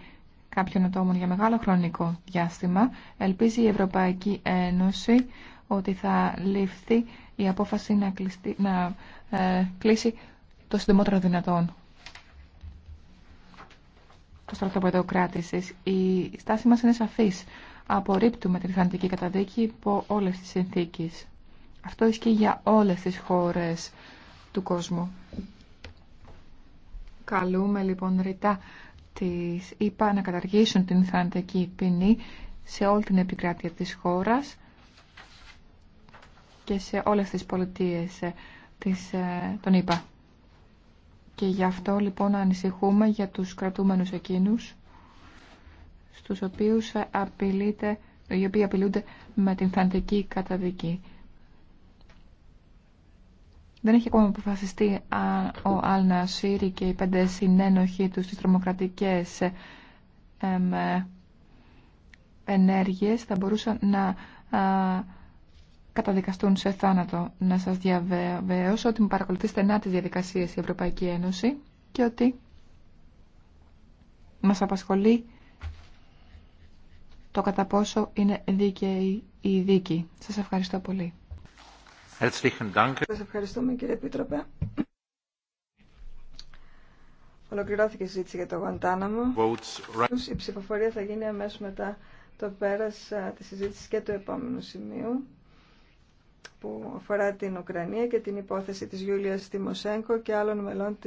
κάποιων ατόμων για μεγάλο χρονικό διάστημα, ελπίζει η Ευρωπαϊκή Ένωση ότι θα ληφθεί η απόφαση να, κλειστεί, να ε, κλείσει το συντομότερο δυνατόν το στρατόπεδο κράτηση. Η στάση μα είναι σαφή. Απορρίπτουμε την θανατική καταδίκη υπό όλε τι συνθήκε. Αυτό ισχύει για όλες τι χώρες του κόσμου. Καλούμε λοιπόν ρητά της ΕΠΑ να καταργήσουν την θανατική ποινή σε όλη την επικράτεια της χώρας και σε όλες τις πολιτείες ε, της, ε, των ΕΠΑ. Και γι' αυτό λοιπόν ανησυχούμε για τους κρατούμενους εκείνους στους οποίους ε, απειλείται, οι οποίοι απειλούνται με την θαντική καταδική. Δεν έχει ακόμα αποφασιστεί αν ο Αλ και οι πέντε συνένοχοι του στις τρομοκρατικές εμ, ενέργειες θα μπορούσαν να καταδικαστούν σε θάνατο. Να σας διαβεβαιώσω ότι μου παρακολουθεί στενά τις διαδικασίες η Ευρωπαϊκή Ένωση και ότι μας απασχολεί το κατά πόσο είναι δίκαιη η δίκη. Σας ευχαριστώ πολύ. Σας ευχαριστούμε κύριε πίτροπε. Ολοκληρώθηκε η συζήτηση για το Γουαντάναμο. Η ψηφοφορία θα γίνει αμέσως μετά το πέρας της συζήτησης και του επόμενου σημείου που αφορά την Ουκρανία και την υπόθεση της Γιούλιας Τιμοσέγκο και άλλων μελών